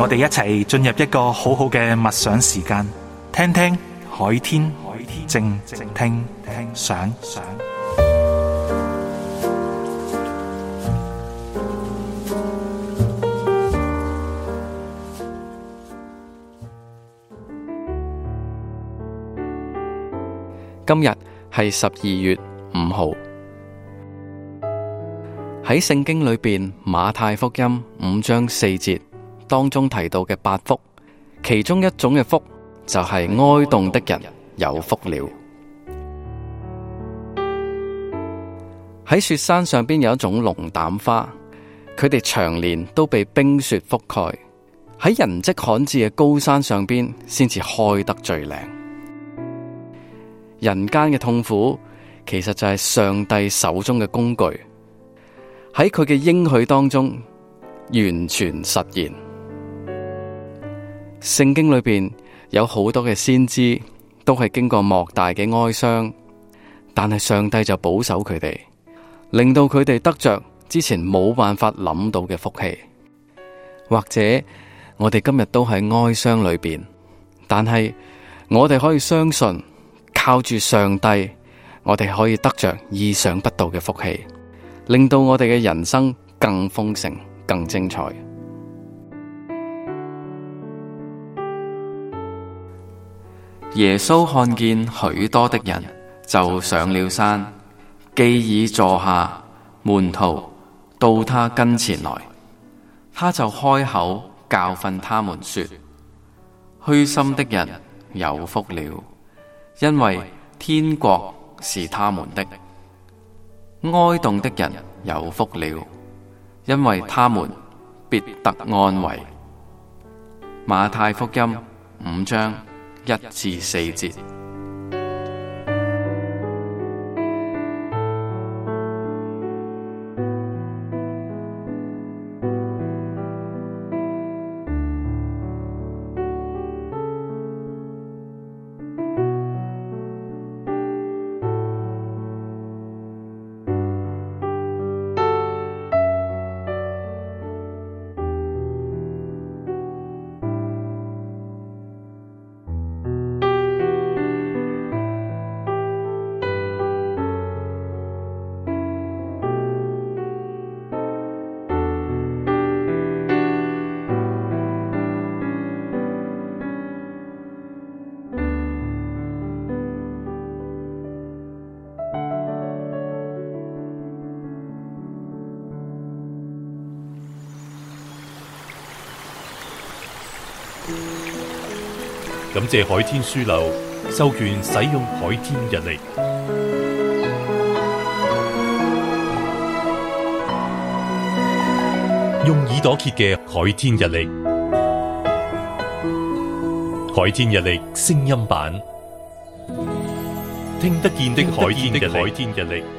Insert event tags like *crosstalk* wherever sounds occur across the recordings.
我哋一齊進入一個好好嘅默想時間，聽聽海天靜靜聽想。今日係十二月五號喺聖經裏邊，馬太福音五章四節。當中提到嘅八福，其中一種嘅福就係哀慟的人有福了。喺 *music* 雪山上邊有一種龍膽花，佢哋長年都被冰雪覆蓋，喺人跡罕至嘅高山上邊先至開得最靚。人間嘅痛苦，其實就係上帝手中嘅工具，喺佢嘅應許當中完全實現。聖經裏邊有好多嘅先知，都係經過莫大嘅哀傷，但係上帝就保守佢哋，令到佢哋得着之前冇辦法諗到嘅福氣。或者我哋今日都喺哀傷裏邊，但係我哋可以相信，靠住上帝，我哋可以得着意想不到嘅福氣，令到我哋嘅人生更豐盛、更精彩。耶穌看見許多的人，就上了山，既已坐下，門徒到他跟前來，他就開口教訓他們說：虛心的人有福了，因為天國是他們的；哀慟的人有福了，因為他們必得安慰。馬太福音五章。一至四節。感謝海天書樓授權使用海天日曆，用耳朵揭嘅海天日曆，海天日曆聲音版，聽得見的海天日曆。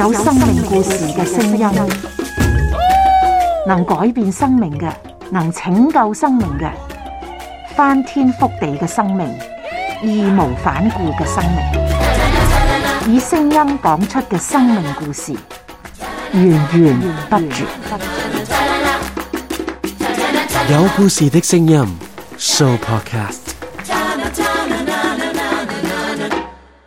有生命故事嘅聲音，能改變生命嘅，能拯救生命嘅，翻天覆地嘅生命，義無反顧嘅生命，以聲音講出嘅生命故事，源源不絕。有故事嘅聲音，Sooo Podcast。